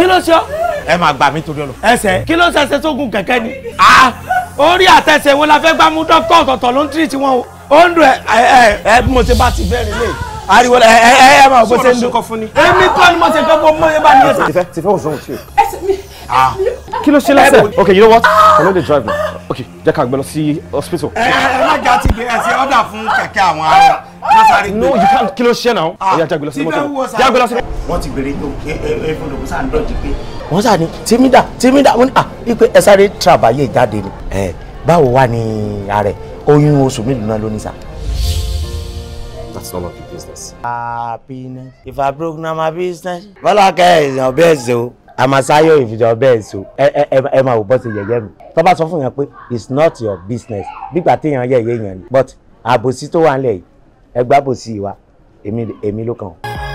kí ló ṣe ọ́. ẹ máa gbà mí torí ọlọ. ẹsẹ̀ kí ló ṣẹṣẹ sógun kẹ̀kẹ́ ni. Ah! Ah! orí àtẹsẹ̀ wo la fẹ́ gbá mú dókítà ọ̀tọ̀ọ̀tọ̀ ló ń tírì tí wọ́n o. ó ń dùn ẹ ẹ ẹ bí mo ṣe bá ti bẹ́ẹ̀ nílé ariwo ẹ ẹ ẹ ẹ máa bó ṣe ń dùn. èmi kọ́ ni mo ṣe fẹ́ bó mọ́ yé bá ní ẹsẹ̀. tìfẹ́ tìfẹ́ what's wrong with you. ẹsẹ̀ mi ah. kí ló ṣe lẹ́sẹ̀. okay you know what i no dey drive now okay jẹ́ ká gbé lọ sí hospital. ẹ ẹ má jà tí gbé ẹsẹ̀ ọ̀dà fún kẹ̀kẹ́ àwọn ará. no you can't kí ló ṣe náà. ẹ yà jágbe lọ sí mọ́tò jágbe lọ sí mọ́tò wọ́n ti bèrè ẹ̀fọn lòun sáà ń dọ̀jì pé. wọ́n sà ní tìmídà tìmídà wọ́n ní à ipe ẹ sáré jáde ni ẹ báwo wà ní ààrẹ oyún oṣù mélòó náà ló ní That's none of your business. Happiness. If I broke na my business. Bọ́lá kẹ́ ẹ̀yàn ọbẹ̀ ẹ̀sẹ̀ o. Àmàsáyọ̀ ìfìjọ ọbẹ̀ ẹ̀sẹ̀ o. Ẹ ẹ ẹ máa wò bọ́ sí yẹ̀yẹ́ mi. Tó bá sọ fún yẹn pé it's not your business. Gbígbà téèyàn yẹ̀yẹ́ yẹn ni. But àbòsí tó wà ń lẹ̀ yìí, ẹgbẹ́ àbòsí wa, èmi ló kàn.